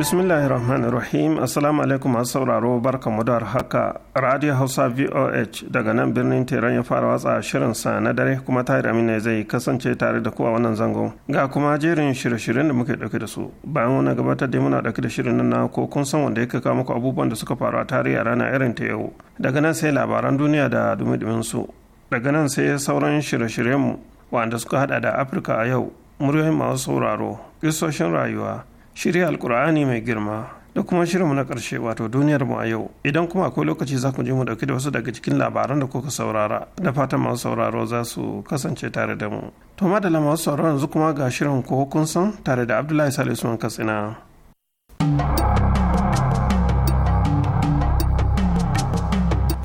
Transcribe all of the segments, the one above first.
Bismillahi bismillahirrahmanirrahim assalamu alaikum masu sauraro barkamu da haka radio hausa voh daga nan birnin teran ya fara watsa shirin sa na dare kuma tahir amina zai kasance tare da kowa wannan zango. ga kuma jerin shirye-shiryen da muke dauke da su bayan wani gabatar da muna dauke da shirin nan na ko kun san wanda yake kawo muku abubuwan da suka faru a tarihi a ranar irin ta yau daga nan sai labaran duniya da dumi su daga nan sai sauran shirye-shiryenmu wanda suka hada da afirka a yau muryoyin masu sauraro kisoshin rayuwa shirya alkur'ani mai girma da kuma shirinmu na karshe wato duniyar mu a yau idan kuma akwai lokaci za ku je mu dauki da wasu daga cikin labaran da kuka saurara da fatan masu sauraro za su kasance tare da mu to madalla masu sauraro yanzu kuma ga shirin ko kun san tare da abdullahi salisu usman katsina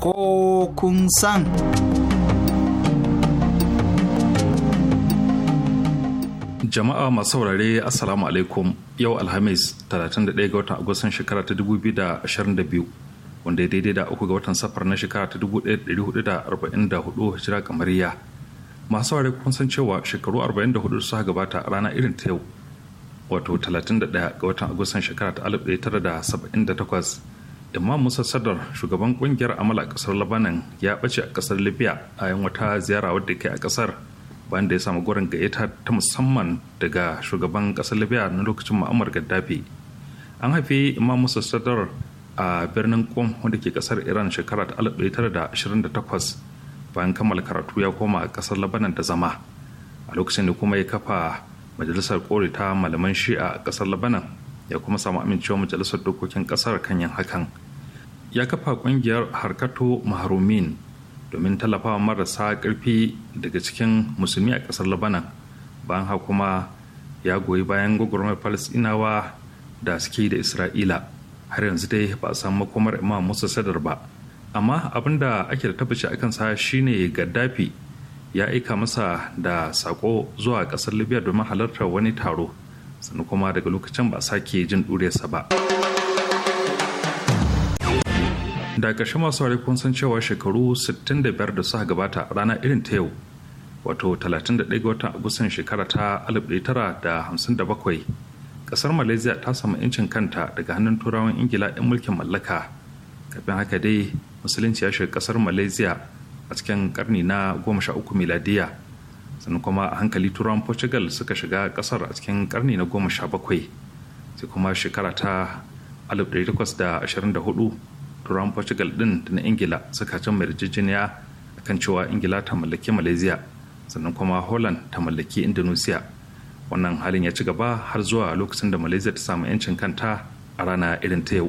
ko kun san jama'a masu saurare assalamu alaikum yau alhamis 31 ga watan agustan shekara ta 2022 wanda ya daidai da uku ga watan safar na shekara ta 1444 hijira kamariya masu saurare kun san cewa shekaru 44 suka gabata a rana irin ta yau wato 31 ga watan agustan shekara ta 1978 imam musa sadar shugaban kungiyar amala a kasar labanan ya bace a kasar libya a yan wata ziyara wadda kai a kasar bayan da ya samu gurin gayyata ta musamman daga shugaban ƙasar libya na lokacin mu'ammar gaddafi an haifi imam musa sadar a birnin qom wanda ke ƙasar iran shekara ta 1928 bayan kammala karatu ya koma ƙasar labanan da zama a lokacin da kuma ya kafa majalisar kore ta malaman shi'a a ƙasar labanan ya kuma samu amincewa majalisar dokokin ƙasar kan yin hakan ya kafa ƙungiyar harkato maharumin domin tallafawa marasa ƙarfi daga cikin musulmi a ƙasar labanan bayan haka kuma ya goyi bayan gwagwarmar falasinawa da suke da isra'ila har yanzu dai ba a samu makomar imam musa sadar ba amma abin da ake da tabbaci akan sa shine gaddafi ya aika masa da sako zuwa ƙasar libya domin halartar wani taro sannan kuma daga lokacin ba sake jin ɗuriyarsa ba. da ƙarshe masu wari kun san cewa shekaru 65 da suka gabata a rana irin ta yau wato 31 ga watan agustan shekara ta 1957 ƙasar malaysia ta samu 'yancin kanta daga hannun turawan ingila 'yan mulkin mallaka kafin haka dai musulunci ya shiga ƙasar malaysia a cikin karni na 13 miladiya sannan kuma a hankali turawan portugal suka shiga ƙasar a cikin karni na 17 sai kuma shekara ta 1824 turan portugal din da na ingila suka can yarjejeniya kan cewa ingila ta mallaki malaysia sannan kuma holland ta mallaki indonesia wannan halin ya ci gaba har zuwa lokacin da malaysia ta samu 'yancin kanta a rana irin ta yau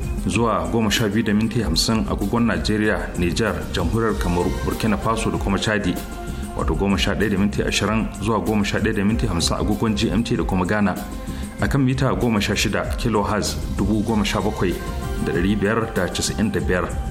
zuwa sha biyu da minti 50 agogon Najeriya, Nijar, Jamhuriyar Kamaru, Burkina Faso da kuma Chadi. Wato 11 da minti 20 zuwa 11 da minti 50 agogon GMT da kuma Ghana. A kan mita 16 da biyar.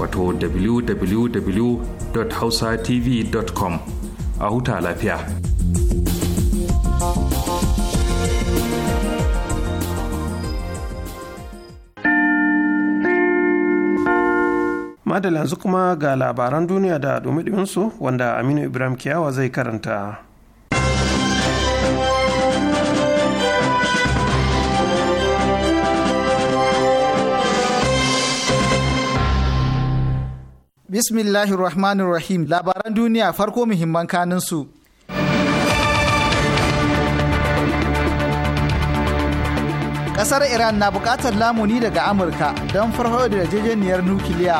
wato www.hausatv.com a huta lafiya. Madalla yanzu kuma ga labaran duniya da dumi wanda Aminu Ibrahim Kiyawa zai karanta. Bismillahirrahmanirrahim labaran duniya farko muhimman kanin su. Kasar Iran na buƙatar lamuni daga Amurka don farfaɗo da yarjejeniyar nukiliya.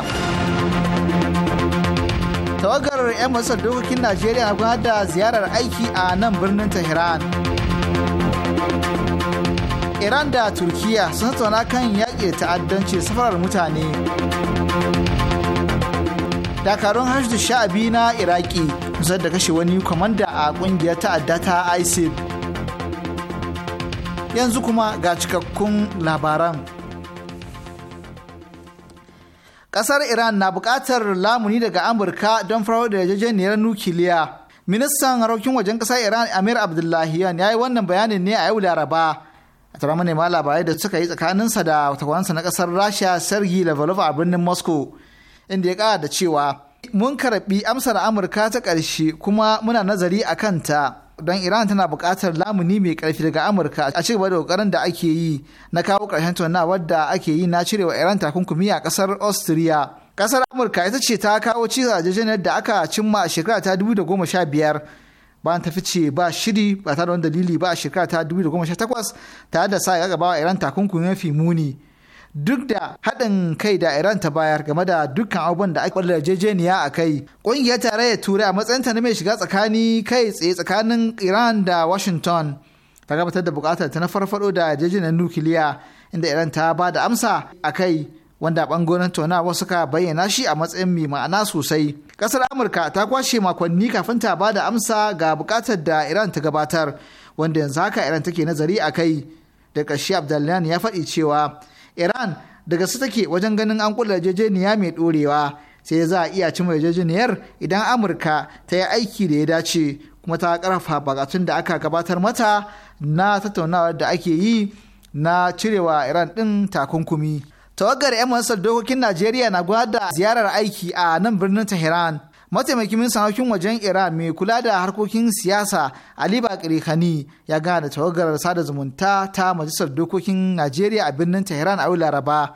Tawagar 'yan masar dokokin Najeriya na gudanar da ziyarar aiki a nan birnin Tehran. Iran da Turkiya sun tattauna kan yaƙi ta'addanci safarar mutane. dakarun hajjdu sha'abi na iraki kusa da kashe wani kwamanda a kungiyar ta'adda ta isil yanzu kuma ga cikakkun labaran kasar iran na bukatar lamuni daga amurka don farawar da yarjejeniyar nukiliya ministan harokin wajen kasar iran amir abdullahiyan ya yi wannan bayanin ne a yau laraba a tara manema labarai da suka yi tsakaninsa da takwaransa na kasar rasha sergi lavrov a birnin moscow inda ya kara da cewa mun karbi amsar amurka ta ƙarshe kuma muna nazari a kanta don iran tana buƙatar lamuni mai ƙarfi daga amurka a ci gaba da ƙoƙarin da ake yi na kawo ƙarshen tunawar da ake yi na cirewa iran takunkumi a ƙasar austria ƙasar amurka ita ce ta kawo cizar da aka cimma a shekara ta 2015 ba ta fice ba shiri ba ta da dalili ba a shekara ta 2018 tare da sa ya gaba iran takunkumi mafi muni duk da haɗin kai da Iran ta bayar game da dukkan abubuwan da ake jejeniya a kai. Ƙungiyar tarayyar Turai a matsayin ta na mai shiga tsakani kai tsaye tsakanin Iran da Washington ta gabatar da buƙatar ta na farfaɗo da yarjejeniyar nukiliya inda Iran ta ba da amsa a kai wanda ɓangaren tonawa suka bayyana shi a matsayin mai ma'ana sosai. Ƙasar Amurka ta kwashe makonni kafin ta ba da amsa ga buƙatar da Iran ta gabatar wanda yanzu haka Iran take nazari a kai. Da ƙarshe Abdullahi ya faɗi cewa iran daga su take wajen ganin an kula yarjejeniya mai ɗorewa sai za a iya cimma yarjejeniyar idan amurka ta yi aiki da ya dace kuma ta karfafa bakatun da aka gabatar mata na tattaunawar da ake yi na cirewa iran ɗin takunkumi tawagar 'yan majalisar dokokin najeriya na gwada ziyarar aiki a nan birnin tehran mataimakin ministan wajen iran mai kula da harkokin siyasa ali bakari khani ya gana da tawagarar sada zumunta ta majalisar dokokin najeriya a birnin tehran a laraba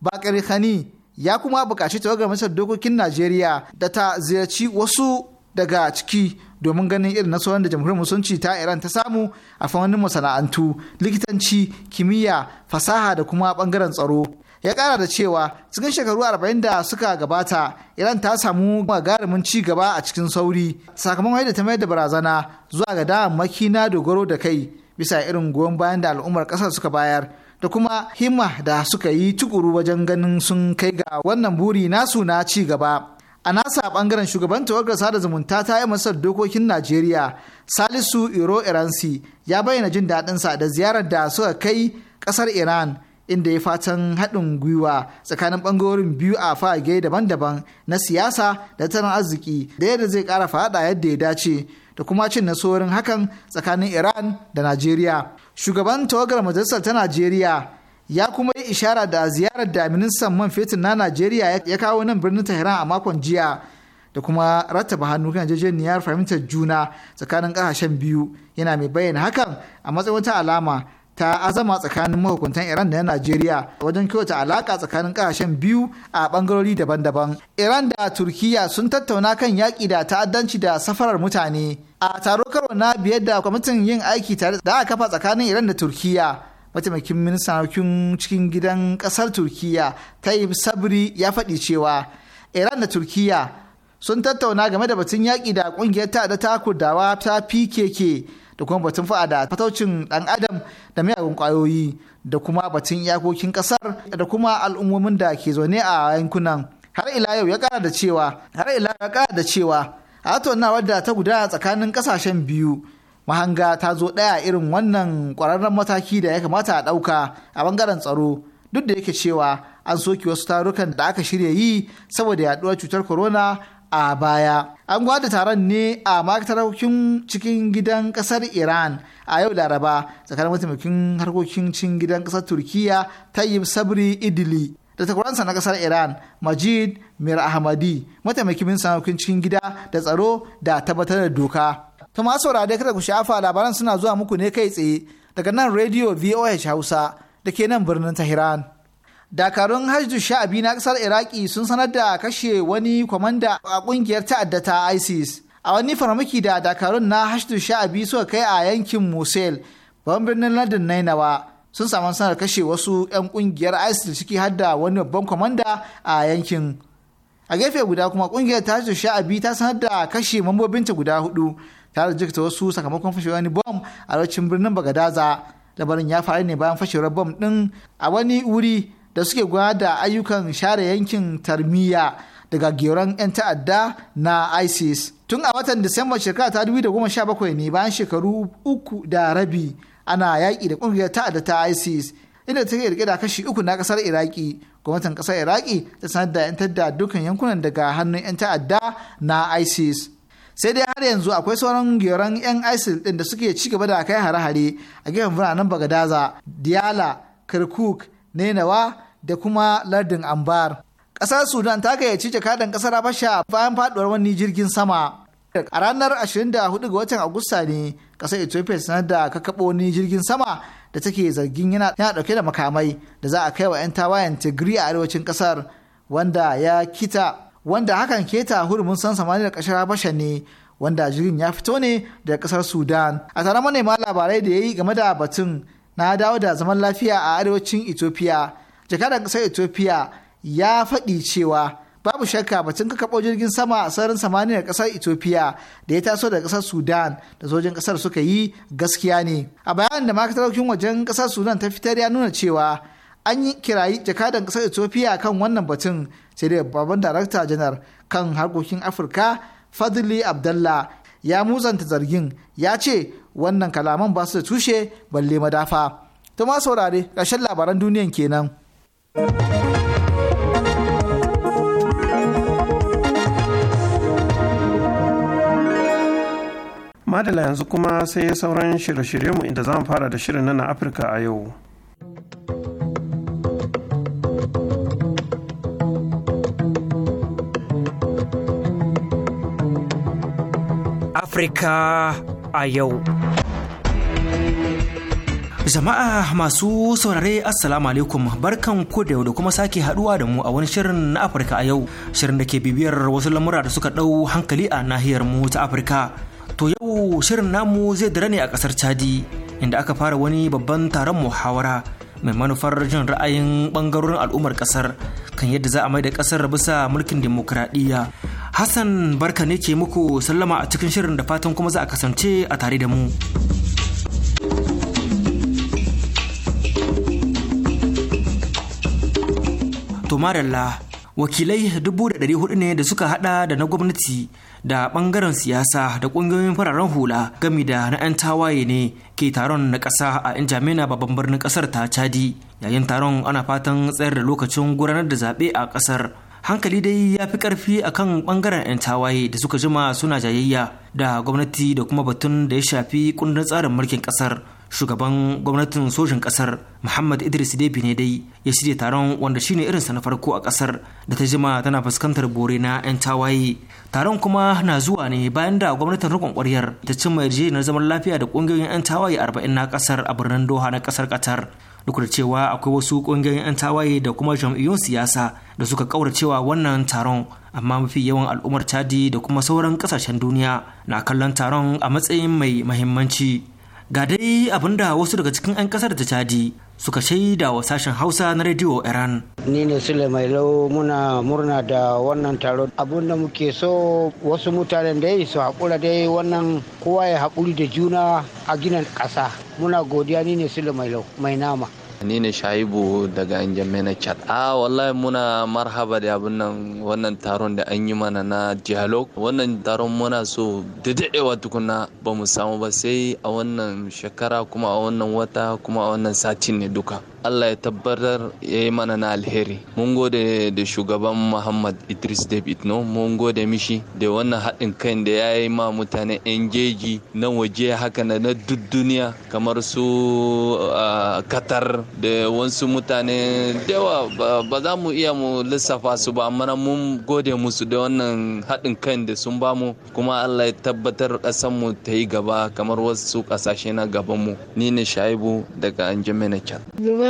bakari khani ya kuma buƙaci tawagar majalisar dokokin najeriya da ta ziyarci wasu daga ciki domin ganin irin nasarar da jamhuriyar musulunci ta iran ta samu a fannin masana'antu likitanci kimiyya fasaha da kuma bangaren tsaro ya kara da cewa cikin shekaru 40 da suka gabata iran ta samu gagarumin ci gaba a cikin sauri sakamakon yadda ta mayar da barazana zuwa ga damammaki na dogaro da kai bisa irin goyon bayan da al'ummar kasar suka bayar da kuma himma da suka yi tukuru wajen ganin sun kai ga wannan buri nasu na ci gaba a nasa bangaren shugaban tawagar sada zumunta ta yi masar dokokin najeriya salisu iro iransi ya bayyana jin daɗinsa da ziyarar da suka kai ƙasar iran inda ya fatan haɗin gwiwa tsakanin ɓangarorin biyu a fage daban-daban na siyasa da tattalin arziki da yadda zai ƙara faɗa yadda ya dace da kuma cin nasorin hakan tsakanin iran da najeriya shugaban tawagar majalisar ta najeriya ya kuma yi ishara da ziyarar da ministan man fetur na najeriya ya kawo nan birnin tehran a makon jiya da kuma rattaba hannu kan yarjejeniyar fahimtar juna tsakanin ƙasashen biyu yana mai bayyana hakan a matsayin wata alama ta azama tsakanin mahukuntan Iran da Najeriya wajen kyauta alaka tsakanin kasashen biyu a bangarori daban-daban. Iran da Turkiyya sun tattauna kan yaƙi da ta'addanci da safarar mutane. A taro karo na biyar da kwamitin yin aiki tare da aka kafa tsakanin Iran da turkiyya. Mataimakin ministan harkokin cikin gidan ƙasar turkiyya Tayyip Sabri ya faɗi cewa Iran da turkiyya. sun tattauna game da batun yaƙi da ƙungiyar ta'adda ta kurdawa ta PKK da kuma batun fa'ada da fataucin ɗan adam da miyagun kwayoyi da kuma batun iyakokin ƙasar da kuma al'ummomin da ke zaune a yankunan har ila yau ya kara da cewa har ila ya ƙara da cewa a na wadda ta gudana tsakanin ƙasashen biyu mahanga ta zo ɗaya irin wannan ƙwararren mataki da ya kamata a ɗauka a bangaren tsaro duk da yake cewa an soke wasu tarukan da aka shirya yi saboda yaɗuwar cutar corona a baya. An gwada taron ne a makatarokin cikin gidan kasar Iran a yau Laraba tsakanin mataimakin harkokin cikin gidan kasar turkiyya Tayyip Sabri Idili da takwaransa na kasar Iran Majid Mir Ahmadi mataimakin min harkokin cikin gida da tsaro da tabbatar da doka. ta masu saurare kada ku shafa labaran suna zuwa muku ne kai tsaye daga nan Radio VOH Hausa da ke nan birnin Tehran. dakarun hajju sha'abi na kasar iraki sun sanar da kashe wani kwamanda a kungiyar ta'adda ta isis a wani farmaki da dakarun na hajju sha'abi suka kai a yankin mosul babban birnin london nainawa sun samu sanar kashe wasu 'yan kungiyar isis ciki har da wani babban kwamanda a yankin a gefe guda kuma kungiyar ta hajju sha'abi ta sanar da kashe mambobinta guda hudu tare da jikta wasu sakamakon fashe wani bom a lokacin birnin bagadaza labarin ya faru ne bayan fashewar bom din a wani wuri da suke gwada ayyukan share yankin tarmiya daga geron 'yan ta'adda na isis tun a watan disamba shekara ta bakwai ne bayan shekaru uku da rabi ana yaƙi da ƙungiyar ta'adda ta isis inda take rike da kashi uku na ƙasar iraki gwamnatin ƙasar iraki ta sanar da 'yan dukkan yankunan daga hannun 'yan ta'adda na isis sai dai har yanzu akwai sauran geron 'yan isis ɗin da suke cigaba da kai hare-hare a gefen biranen bagadaza diyala kirkuk nenawa da kuma lardin ambar ƙasar sudan ta gayyaci jakadan ƙasar habasha bayan faduwar wani jirgin sama a ranar 24 ga watan agusta ne ƙasar ethiopia sanar da kakaɓo wani jirgin sama da take zargin yana ɗauke da makamai da za a kai wa 'yan tawayen tigiri a arewacin ƙasar wanda ya kita wanda hakan keta hurumin san samaniya da ƙasar habasha ne wanda jirgin ya fito ne daga ƙasar sudan a tare manema labarai da ya yi game da batun na dawo da zaman lafiya a arewacin ethiopia jakadar ƙasar ethiopia ya faɗi cewa babu shakka batun kaɓo jirgin sama a sararin samaniyar ƙasar ethiopia da ya taso daga ƙasar sudan da sojin ƙasar suka yi gaskiya ne a bayanin da makatarokin wajen ƙasar sudan ta fitar ya nuna cewa an yi kirayi jakadan ƙasar ethiopia kan wannan batun sai da babban darakta janar kan harkokin afirka fadli abdallah ya muzanta zargin ya ce wannan kalaman ba su da tushe balle madafa to ma saurare ƙarshen labaran duniyan kenan. madala yanzu kuma sai sauran shirye-shiryenmu inda za mu fara da shirin na afirka a yau afirka a yau. Jama'a masu saurare Assalamu alaikum barkan ku da yau da kuma sake haduwa da mu a wani shirin na Afirka a yau shirin da ke bibiyar wasu lamura da suka ɗau hankali a nahiyar mu ta Afirka. To yau shirin namu zai dira ne a ƙasar Chadi inda aka fara wani babban taron muhawara mai manufar jin ra'ayin bangarorin al'ummar ƙasar kan yadda za a mai da ƙasar bisa mulkin dimokuraɗiyya Hassan barka ne ke muku sallama a cikin shirin da fatan kuma za a kasance a tare da mu. Tomarella wakilai hudu ne da suka hada da na gwamnati da bangaren siyasa da kungiyoyin fararen hula gami da na 'yan tawaye ne ke taron na ƙasa a jamina babban birnin ƙasar ta Chadi. Yayin taron ana fatan tsayar da lokacin gudanar da zaɓe a ƙasar. hankali dai ya fi karfi akan bangaren 'yan tawaye da suka jima suna jayayya da gwamnati da kuma batun da ya shafi kundin tsarin mulkin kasar shugaban gwamnatin sojin kasar muhammad idris debi ne dai ya shirya taron wanda shine irinsa na farko a kasar da ta jima tana fuskantar bore na 'yan tawaye taron kuma na zuwa ne bayan da gwamnatin rikon kwaryar ta cimma yarjejeniyar zaman lafiya da kungiyoyin 'yan tawaye arba'in na kasar a birnin doha na kasar qatar duk da cewa akwai wasu ƙungiyoyin 'yan tawaye da kuma jam'iyyun siyasa da suka cewa wannan taron amma mafi yawan al'ummar chadi da kuma sauran ƙasashen duniya na kallon taron a matsayin mai mahimmanci Ga dai abin da wasu daga cikin 'yan kasar ta Chadi suka shaida wa sashen Hausa na rediyo Iran. Ni ne Sule Mai Lau muna murna da wannan taron. Abin da muke so wasu mutanen da yi su haƙura dai wannan kowa ya haƙuri da juna a ginin ƙasa. Muna godiya ni ne Sule Mai Lau mai nama. ni ne shaibu daga na chat a wallahi muna marhaba da abin nan wannan taron da an yi mana na dialog wannan taron muna so da daɗewa tukuna ba mu samu ba sai a wannan shekara kuma a wannan wata kuma a wannan satin ne duka Allah ya tabbatar ya yi mana na alheri mun gode da shugaban Muhammad Idris David no mun gode mishi da wannan haɗin kai da ya yi ma mutane yan jeji na waje haka na duk duniya kamar su Qatar da wasu mutane da ba za mu iya mu lissafa su ba amma mun gode musu da wannan haɗin kai da sun mu, kuma Allah ya tabbatar ƙasar mu ta yi gaba kamar wasu ƙasashe na gaban mu ni ne Shaibu daga Anjumena Chat.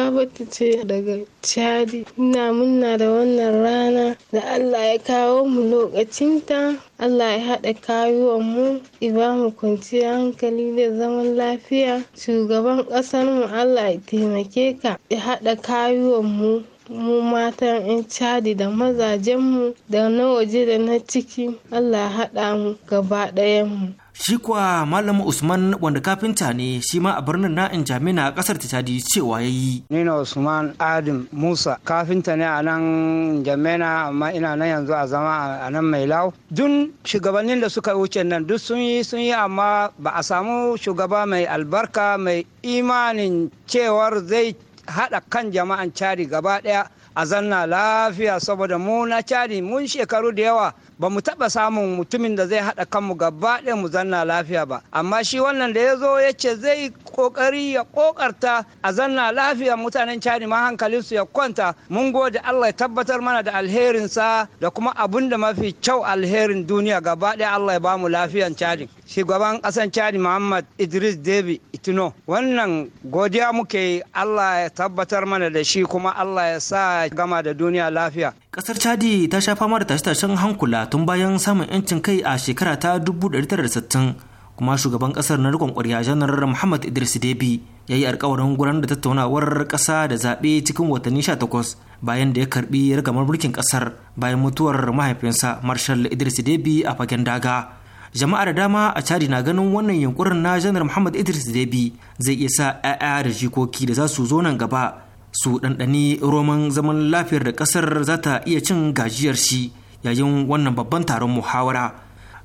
Sabatu ce daga Chadi. Ina munna da wannan rana da Allah ya kawo mu lokacinta. Allah ya haɗa kayuwan mu, iba mu kwanciyar hankali da zaman lafiya. Shugaban ƙasar mu Allah ya taimake ka, ya haɗa kayuwan mu. mu matan 'yan chadi da mazajenmu da na waje da na ciki allah ya haɗa mu gaba ɗayan mu Shi kuwa Malam Usman wanda kafinta ne shi ma a birnin na'in jami'a a kasar Titadi cewa ya yi. Ni na Usman Adam Musa kafinta ne a nan jami'a amma ina nan yanzu a zama a nan mai lau. Dun shugabannin da suka wuce nan duk sun yi sun yi amma ba a samu shugaba mai albarka mai imanin cewar zai haɗa kan jama'an cari gaba ɗaya a zanna lafiya saboda mu na cari mun shekaru da yawa ba mu taɓa samun mutumin da zai haɗa kanmu gaba ɗaya mu zanna lafiya ba amma shi wannan da ya zo ya ce zai kokari ya kokarta a zanna lafiya mutanen cani ma hankalin su ya kwanta mun gode allah ya tabbatar mana da alherin sa da kuma abun da mafi kyau alherin duniya gaba ɗaya allah ya bamu lafiyan cani shugaban ƙasan cani muhammad idris debi itino wannan godiya muke allah ya tabbatar mana da shi kuma allah ya sa gama da duniya lafiya Ƙasar Chadi ta sha fama da tashe-tashen hankula tun bayan samun 'yancin kai a shekara ta 1960 kuma shugaban ƙasar na rikon kwarya janar Muhammad Idris Debi ya yi alkawarin gudanar da tattaunawar kasa da zaɓe cikin watanni 18 bayan da ya karɓi ragamar mulkin kasar bayan mutuwar mahaifinsa Marshal Idris Debi a fagen daga. jama'a da dama a Chadi na ganin wannan yunkurin na janar muhammad idris debi zai iya sa 'ya'ya da jikoki da za su zo nan gaba su ɗanɗani roman zaman lafiyar da ƙasar za ta iya cin gajiyar shi yayin wannan babban taron muhawara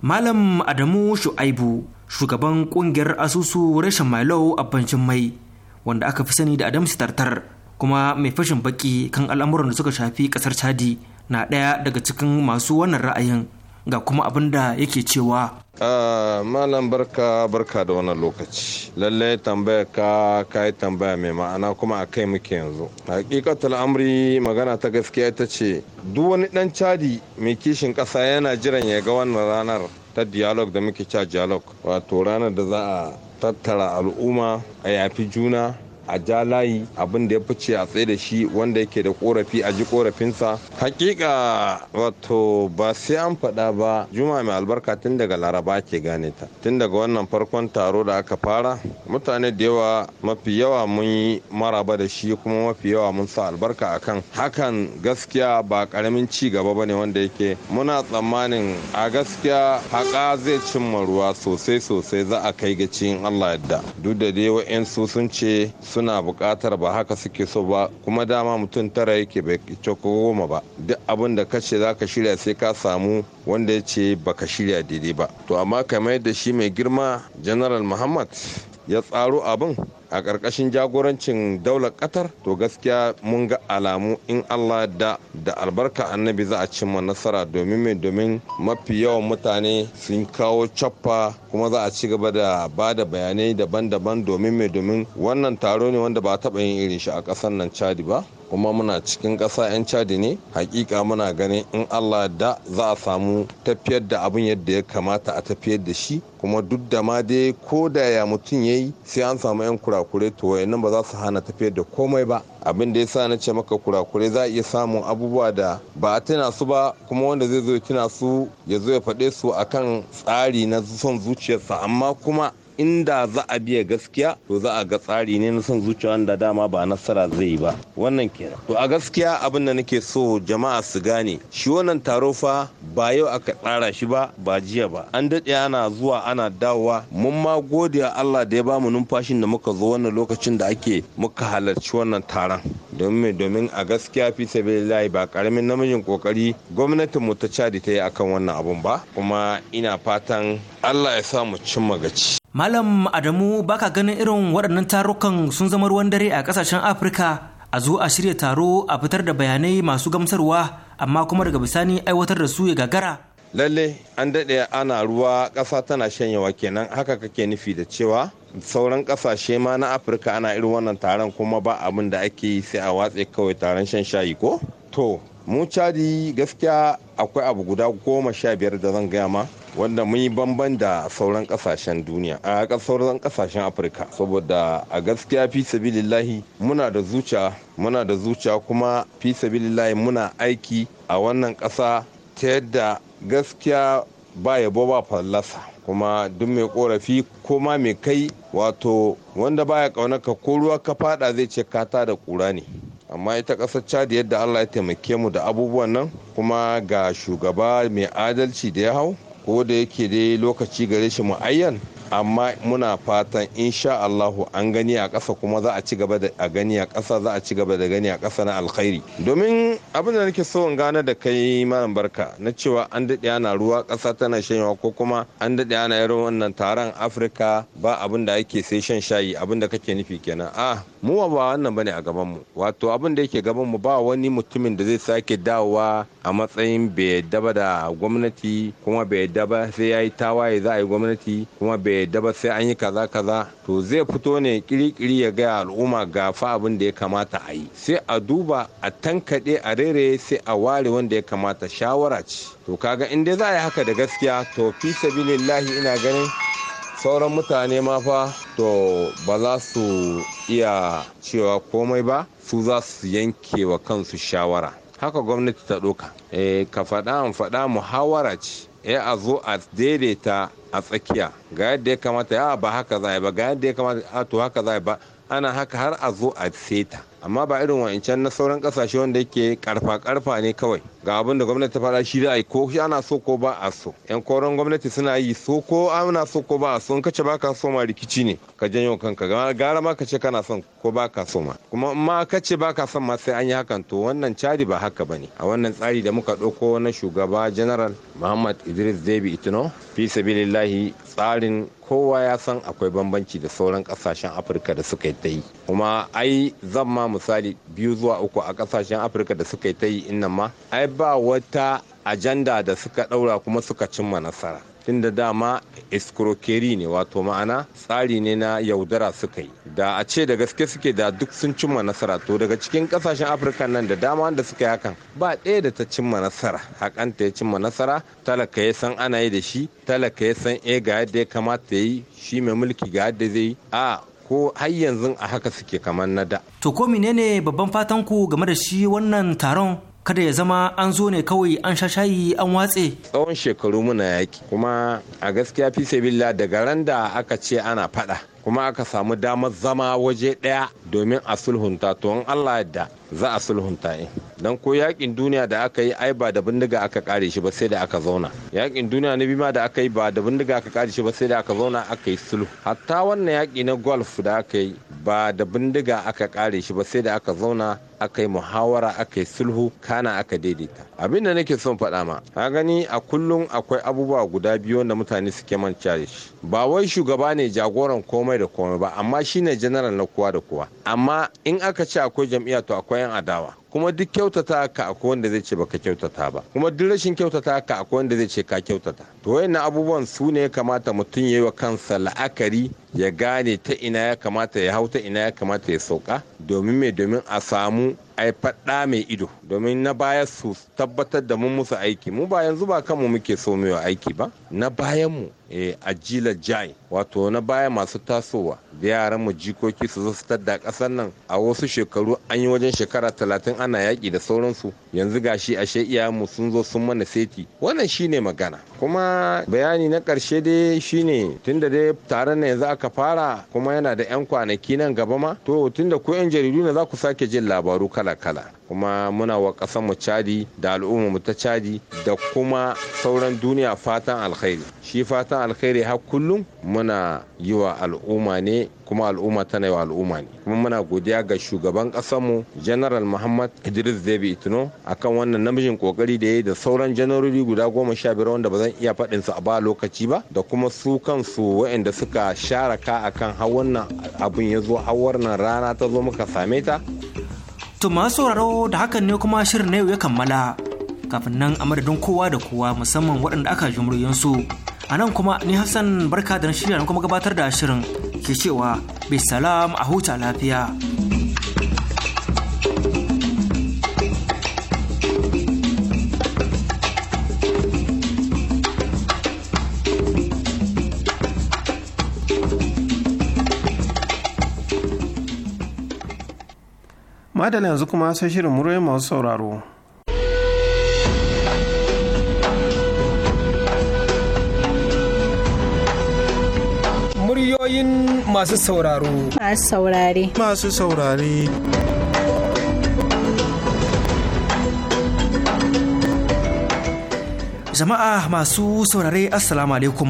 malam adamu shu'aibu shugaban ƙungiyar asusu reshen milo a bancin mai wanda aka fi sani da adam tartar kuma mai fashin baki kan al'amuran da suka shafi ƙasar chadi na ɗaya daga cikin masu wannan ra'ayin ga kuma abin da yake cewa malam barka barka da wannan lokaci lallai tambaya ka ka tambaya mai ma'ana kuma a kai muke yanzu hakikatul amri magana ta gaskiya ita ce duk wani dan cadi mai kishin kasa yana jiran ya ga wannan ranar ta dialog da muke cha dialogue wato ranar da za a tattara al'umma a yafi juna a ja layi abin da ya fice a tsaye da shi wanda yake da korafi a ji korafinsa hakika wato ba sai an faɗa ba juma mai albarka tun daga laraba ke gane ta tun daga wannan farkon taro da aka fara mutane da yawa mafi yawa mun yi maraba da shi kuma mafi yawa mun sa albarka akan hakan gaskiya ba karamin ci gaba ba ne wanda yake muna tsammanin a gaskiya haka zai cimma ruwa sosai sosai za a kai ga cikin allah yadda duk da dai wa'yansu sun ce suna buƙatar ba haka suke so ba kuma dama mutum tara yake bai kice ko goma ba duk abin da kace ce za ka shirya sai ka samu wanda ya ce ba ka shirya daidai ba to amma kamar yadda shi mai girma general muhammad ya tsaro abin a ƙarƙashin jagorancin daular ƙatar to gaskiya mun ga alamu in allah da da albarka annabi za a cimma nasara domin mai domin mafi yawan mutane sun kawo cappa kuma za a ci gaba da ba da bayanai daban-daban domin mai domin wannan taro ne wanda ba a taɓa yin irin shi a ƙasar nan chadi ba kuma muna cikin ƙasa 'yan cadi ne hakika muna ganin in allah da za a samu tafiyar da abin yadda ya kamata a tafiyar da shi kuma duk da ma dai ko da ya mutum ya yi sai an samu 'yan kurakure to nan ba za su hana tafiyar da komai ba abin da ya sa na ce maka kurakure za a iya samun abubuwa da ba a tuna su ba kuma wanda zai zo ya tuna su ya zo ya faɗe su akan tsari na son zuciyarsa amma kuma inda za a biya gaskiya to za a ga tsari ne na son zuciya wanda dama ba nasara zai ba wannan kenan to a gaskiya abin da nake so jama'a su gane shi wannan taro fa ba yau aka tsara shi ba ba jiya ba an daɗe ana zuwa ana dawowa mun ma gode Allah da ya ba mu numfashin da muka zo wannan lokacin da ake muka halarci wannan taron domin domin a gaskiya fi sabilillahi ba karamin namijin kokari gwamnatin mu ta cadi ta yi akan wannan abun ba kuma ina fatan Allah ya sa mu cimma gaci Malam Adamu baka ganin irin waɗannan tarukan sun zama ruwan dare a ƙasashen Afirka a zo a shirya taro a fitar da bayanai masu gamsarwa amma kuma daga bisani aiwatar da su ya gagara. Lalle an daɗe ana ruwa ƙasa tana shanyewa kenan haka kake nufi da cewa sauran ƙasashe ma na afirka ana irin wannan taron kuma ba abin da ake yi sai a watse kawai taron shan shayi ko to mu cadi gaskiya akwai abu guda goma sha biyar da zan gaya ma wanda mun yi banban da sauran kasashen duniya a sauran kasashen afirka saboda a gaskiya fi sabilillahi muna da zuciya muna da zuciya kuma fi sabilillahi muna aiki a wannan kasa ta yadda gaskiya ba yabo ba fallasa kuma duk mai korafi koma mai kai wato wanda baya ka ko ruwa ka fada zai ce ka da kura ne amma ita kasar chad yadda allah ya taimake mu da abubuwan nan kuma ga shugaba mai adalci da ya hau ko da yake dai lokaci gare shi mu'ayyan amma muna fatan insha Allahu an gani a ƙasa kuma za a ci gaba da a gani a ƙasa za a ci gaba da gani a ƙasa na alkhairi domin abin da nake so in gane da kai malam barka na cewa an daɗe ana ruwa ƙasa tana shanyewa ko kuma an daɗe ana yaro wannan taron Afirka ba abin da ake sai shan shayi abin da kake nufi kenan a ah, mu ba wannan bane a gaban mu wato abin da yake gaban mu ba wani mutumin da zai sake dawowa a matsayin bai daba da gwamnati kuma bai daba sai yayi tawaye za a yi gwamnati kuma bai daba sai an yi kaza kaza to zai fito ne kirikiri ya ga al'umma ga fa abin da ya kamata a yi sai a duba a tankade a rere sai a ware wanda ya kamata shawara ce to kaga in dai za a yi haka da gaskiya to fi sabilillahi ina ganin sauran mutane ma fa to ba za su iya cewa komai ba su za su yanke wa kansu shawara haka gwamnati ta ɗauka. Eh, ka faɗa an faɗa muhawara ce ya eh, a zo a daidaita a tsakiya ga yadda ya kamata ya ah, ba haka za ba ga yadda ya kamata a ah, to haka za ba ana haka har a zo a seta amma ba irin wa'ancan na sauran ƙasashe wanda yake karfa karfa ne kawai ga abin da gwamnati ta faɗa shi ra'ayi ko ana so ko ba a so yan koron gwamnati suna yi so ko ana so ko ba a so in ka ce ba ka so ma rikici ne ka janyo kanka gara ma ka ce kana son ko ba ka so ma kuma ma ka ce ba ka son ma sai an yi hakan to wannan cari ba haka ba ne a wannan tsari da muka ɗauko na shugaba general muhammad idris debi itino fi sabilillahi tsarin kowa ya san akwai bambanci da sauran kasashen afirka da suka ta yi kuma ai zan ma misali biyu zuwa uku a kasashen afirka da suka ta yi innan ma ai ba wata ajanda da suka ɗaura kuma suka cimma nasara da dama iskrokeri ne wato ma'ana tsari ne na yaudara suka yi da a ce da gaske suke da duk sun cimma nasara to daga cikin kasashen afirka nan da dama wanda suka yi hakan ba ɗaya da ta cimma nasara hakanta ya cimma nasara talaka ya san ana yi da shi talaka ya san e ga yadda ya kamata ya yi shi mai mulki ga yadda zai yi a ko har yanzu a haka suke kamar na da. To ko menene babban fatan ku game da shi wannan taron kada ya zama an zo ne kawai an sha shayi an watse tsawon shekaru muna yaki kuma a gaskiya fi sabilla daga ran da aka ce ana fada kuma aka samu damar zama waje ɗaya domin a sulhunta to in Allah yadda za a sulhunta in dan ko yakin duniya da aka yi ai ba da bindiga aka kare shi ba sai da aka zauna yakin duniya na bima da aka yi ba da bindiga aka kare shi ba sai da aka zauna aka yi sulhu hatta wannan yaki na golf da aka yi ba da bindiga aka kare shi ba sai da aka zauna aka yi muhawara aka yi sulhu kana aka daidaita abin da nake son faɗa ma A gani a kullum akwai abubuwa guda biyu wanda mutane suke manta shi ba wai shugaba ne jagoran komai komai da komai ba amma shine general na kowa da kowa amma in aka ce akwai jam'iyya to akwai yan adawa kuma duk kyautata ka akwai wanda zai ce baka kyautata ba kuma duk rashin kyautata ka akwai wanda zai ce ka kyautata to wayannan abubuwan su ne ya kamata mutum ya yi wa kansa la'akari ya gane ta ina ya kamata ya hau ta ina ya kamata ya sauka domin me domin a samu a faɗa mai ido domin na baya su tabbatar da mun musu aiki mu ba yanzu ba kanmu muke so mu aiki ba na bayan mu e, eh, ajila jai wato na baya masu tasowa da yaran mu jikoki su zo su tadda kasar nan a wasu shekaru an yi wajen shekara talatin ana yaƙi da sauransu yanzu gashi ashe iyayenmu sun zo sun mana seti wannan shine magana kuma bayani na ƙarshe dai shine tunda dai taron na yanzu aka fara kuma yana da 'yan kwanaki nan gaba ma to tunda ko 'yan jaridu na za ku sake jin labaru kala-kala kuma muna wa ƙasar mu cadi da al'umma mu ta cadi da kuma sauran duniya fatan alkhairi shi fatan alkhairi har kullum muna yi wa al'umma ne kuma al'umma tana yi wa al'umma ne kuma muna godiya ga shugaban mu general muhammad idris debi itino akan wannan namijin kokari da ya yi da sauran janarori guda goma sha biyar wanda ba zan iya faɗin su a ba lokaci ba da kuma su kansu wa'inda suka sharaka akan har wannan abin ya zo har wannan rana ta zo muka same ta To masu sauraro da hakan ne kuma shirin na yau ya kammala kafin nan a madadin kowa da kowa musamman waɗanda aka ji jumuriyinsu. A nan kuma ni Hassan barka da shirya kuma gabatar da shirin ke cewa bisalam a huta lafiya. madalin yanzu kuma sai shirin muryoyin masu sauraro muryoyin masu sauraro masu saurare masu saurare jama'a masu saurare assalamu alaikum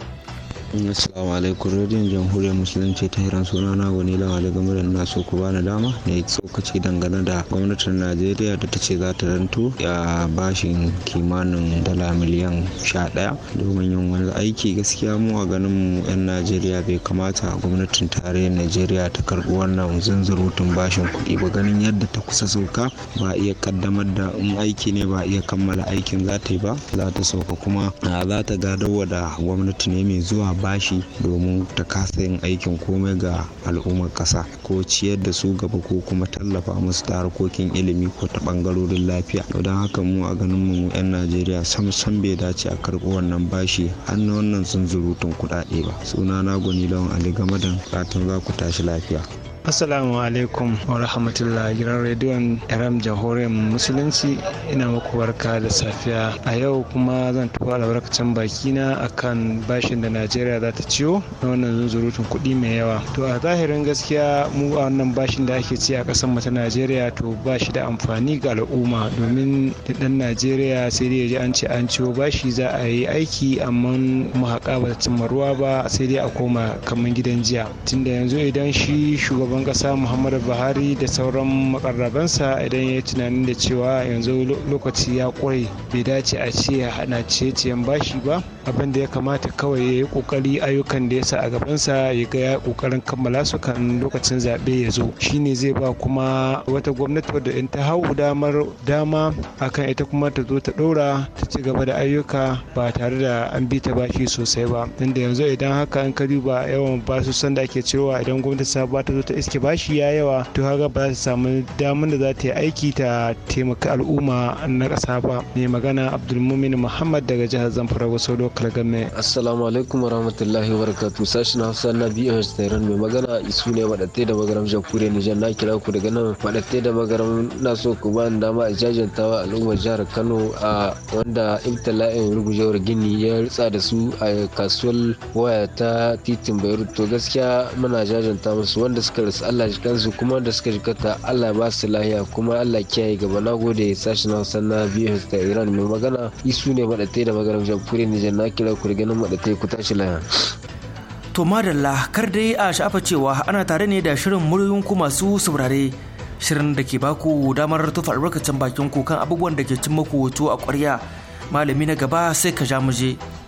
Assalamu alaikum radiyon jamhuriyar musulunci ta Iran suna na wani lawa daga da na so ku bani dama na yi tsokaci dangane da gwamnatin Najeriya da ta ce za ta rantu a bashin kimanin dala miliyan sha ɗaya domin yin wani aiki gaskiya mu a ganin mu 'yan Najeriya bai kamata gwamnatin tarayyar Najeriya ta karbi wannan zunzurutun bashin kuɗi ba ganin yadda ta kusa sauka ba iya kaddamar da in aiki ne ba iya kammala aikin za ta yi ba za ta sauka kuma za ta gadawa da gwamnati ne mai zuwa bashi domin ta kasa yin aikin komai ga al'ummar kasa ko ciyar da su gaba ko kuma tallafa musu ta harkokin ilimi ko ta bangarorin lafiya don haka mu a ganin mu 'yan najeriya sam sam bai dace a karɓi wannan bashi har na wannan sun zurutun kuɗaɗe ba suna na gwani lawan ali gamadan fatan za ku tashi lafiya Assalamu alaikum wa rahmatullah gidan rediyon Iram Jamhuriyar Musulunci ina muku barka da safiya a yau kuma zan tuba albarkacin bakina akan bashin da Najeriya za ta ciyo na wannan zunzurutun kuɗi mai yawa. To a zahirin gaskiya mu a wannan bashin da ake ci a ƙasar mu Najeriya to ba shi da amfani ga al'umma domin da ɗan Najeriya sai dai ya an ce an ciwo bashi za a yi aiki amma haƙa ba ta cimma ruwa ba sai dai a koma kamar gidan jiya. Tunda yanzu idan shi shugaban shugaban kasa muhammadu buhari da sauran makarrabansa idan ya tunanin da cewa yanzu lokaci ya kware bai dace a ce ya hana ciye-ciyen bashi ba abin da ya kamata kawai ya yi kokari ayyukan da ya sa a gabansa ya ga ya kokarin kammala su kan lokacin zaɓe ya zo shine zai ba kuma wata gwamnati wadda in ta hau damar dama akan ita kuma ta zo ta ɗora ta ci gaba da ayyuka ba tare da an bi ta bashi sosai ba inda yanzu idan haka an ka duba yawan basu da ake cewa idan gwamnati ta ba ta zo ta iske shi ya yawa to haka ba za ta samu damar da za ta yi aiki ta taimaka al'umma na ƙasa ba mai magana abdulmumin muhammad daga jihar zamfara wasu lokal game assalamu alaikum warahmatullahi wabarakatuh sashen hausa na biyu tsairan mai magana isu ne madatte da magaram ne nijar na kira ku daga nan madatte da magaram na so ku ba dama a jajantawa al'ummar jihar kano a wanda ibtala'in rugujewar gini ya ritsa da su a kasuwar waya ta titin bayero to gaskiya muna jajanta musu wanda suka su Allah ya kansu kuma da suka jikata Allah ba su lahiya kuma Allah kiyaye gaba na gode sashen Hausa na biyu ta Iran mai magana isu ne madatai da maganar jamhuriyar Nijar na kira ku ganin madatai ku tashi lahiya. To madalla kar dai a sha'afa cewa ana tare ne da shirin muryoyin ku masu saurare shirin da ke baku damar tufa albarkacin bakin ku kan abubuwan da ke cin maku hoto a kwarya malami na gaba sai ka ja muje. je.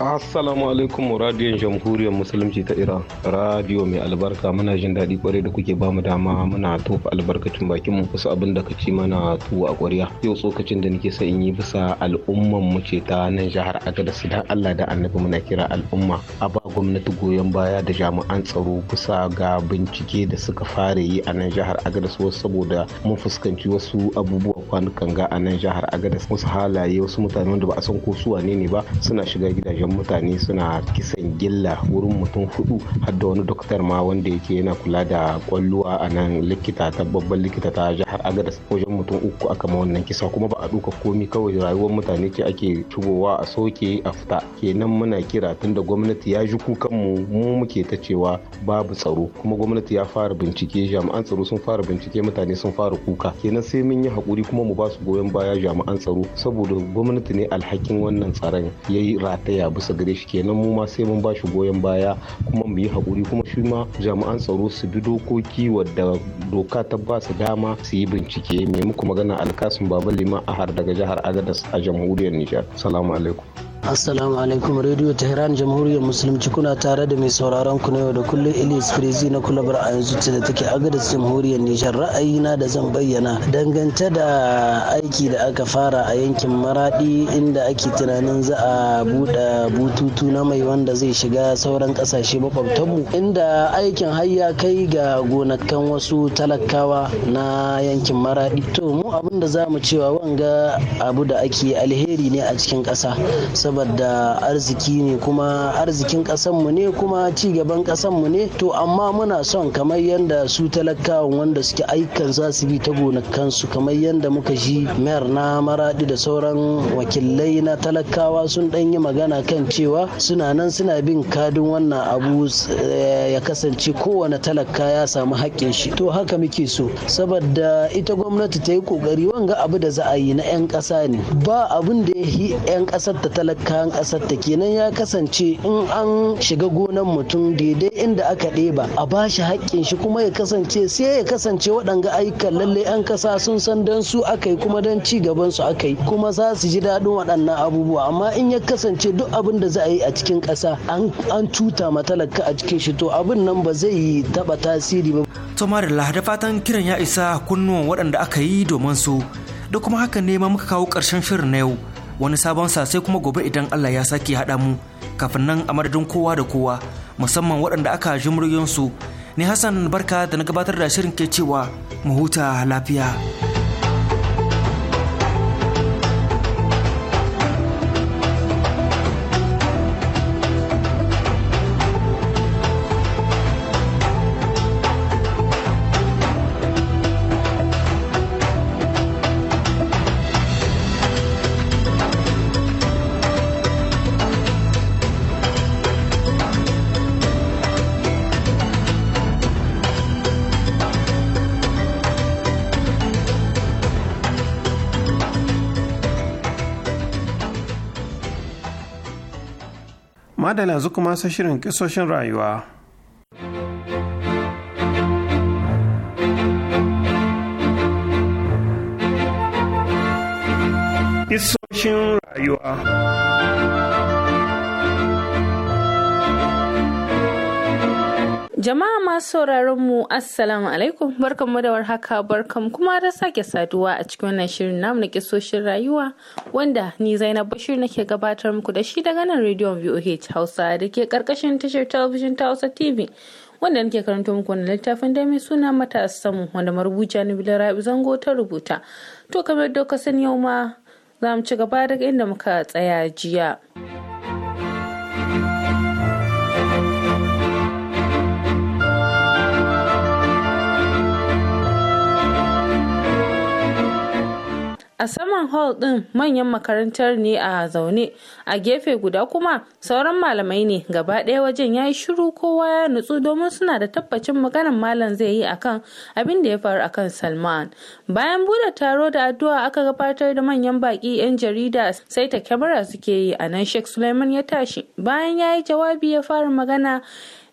Assalamu alaikum radiyon jamhuriyar musulunci ta Iran. Radiyo mai albarka muna jin daɗi kwarai da kuke bamu dama muna tofa albarkacin bakin mu kusa abin da kaci mana tuwo a ƙwarya. Yau tsokacin da nake sa in yi bisa al'umman mu ce ta nan jihar Agadas dan Allah da Annabi muna kira al'umma a ba gwamnati goyon baya da jami'an tsaro kusa ga bincike da suka fara yi a nan jihar Agadas wasu saboda mun fuskanci wasu abubuwa kwanukan ga a nan jihar Agadas wasu halaye wasu mutane wanda ba a san ko su wane ne ba suna shiga gidajen mutane suna kisan gilla wurin mutum hudu har da wani doktor ma wanda yake yana kula da kwalluwa a nan likita ta babban likita ta jihar agadas wajen mutum uku aka ma wannan kisa kuma ba a duka komi kawai rayuwar mutane ce ake shigowa a soke a fita kenan muna kira tun da gwamnati ya ji kukan mu mu muke ta cewa babu tsaro kuma gwamnati ya fara bincike jami'an tsaro sun fara bincike mutane sun fara kuka kenan sai mun yi hakuri kuma mu ba su goyon baya jami'an tsaro saboda gwamnati ne alhakin wannan tsaron ya yi rataya bisa gare shi kenan mu ma sai mun ba shi goyon baya kuma mu yi haƙuri kuma shi ma jami'an tsaro su bi dokoki wadda doka ta ba su dama su yi bincike mai muku magana alkasun baba liman ahar daga jihar agadas a jamhuriyar nijar salamu alaikum Assalamu alaikum Radio Tehran Jamhuriyar Musulunci kuna tare da mai sauraron ku na yau da kullum Ilyas frizi na kulabar a yanzu da take agadar Jamhuriyar Nijar ra'ayina da zan bayyana dangance da aiki da aka fara a yankin Maradi inda ake tunanin za a buɗe bututu na mai wanda zai shiga sauran ƙasashe mu inda aikin hayya kai ga gonakan wasu talakawa na yankin Maradi to mu abin da za mu cewa wanga abu da ake alheri ne a cikin ƙasa saboda arziki ne kuma arzikin mu ne kuma ci gaban mu ne to amma muna son kamar yadda su talakawan wanda suke aikan za su bi ta gonakansu kamar yadda muka ji mayar na maradi da sauran wakilai na talakawa sun dan yi magana kan cewa suna nan suna bin kadin wannan abu eh, ya kasance kowane talaka ya samu haƙƙin shi to haka muke so saboda ita gwamnati ta yi ƙoƙari wanga abu da za a yi na 'yan ƙasa ne ba abin da ya yi 'yan ƙasar ta talaka kayan ƙasar ta kenan ya kasance in an shiga gonan mutum daidai inda aka ɗeba a ba shi haƙƙin shi kuma ya kasance sai ya kasance waɗanga ayyukan lallai an kasa sun san don su aka yi kuma don ci gaban su aka yi kuma za su ji daɗin waɗannan abubuwa amma in ya kasance duk abin da za a yi a cikin ƙasa an cuta talaka a cikin shi to abin nan ba zai yi taɓa tasiri ba. Tomarilla da fatan kiran ya isa kunnuwan waɗanda aka yi domin su da kuma haka ne ma muka kawo ƙarshen shirin na yau wani sabon sa sai kuma gobe idan Allah ya sake haɗa mu kafin nan a madadin kowa da kowa musamman waɗanda aka ji muryoyinsu ni Hassan barka da na gabatar da shirin ke cewa mu huta lafiya. da yanzu kuma sa shirin kisoshin rayuwa. Kisoshin rayuwa. Jama'a masu sauraron mu Assalamu alaikum barkanmu da warhaka barkan kuma da sake saduwa a cikin wannan shirin namu na kisoshin rayuwa wanda ni Zainab Bashir nake gabatar muku da shi daga nan rediyon VOH Hausa da ke karkashin tashar talabijin ta Hausa TV wanda nake karanto muku wannan littafin da mai suna matasan wanda marubuciya Nabila Rabi Zango ta rubuta. To kamar doka sani yau ma za mu ci gaba daga inda muka tsaya jiya. a saman hall ɗin manyan makarantar ne a zaune a gefe guda kuma sauran malamai ne gaba ɗaya wajen ya yi shiru kowa ya nutsu domin suna da tabbacin maganar malam zai yi akan abin da ya faru akan salman bayan bude taro da addu'a aka gabatar da manyan baki 'yan jarida sai ta kyamara suke yi a nan sheikh suleiman ya tashi bayan ya yi jawabi ya fara magana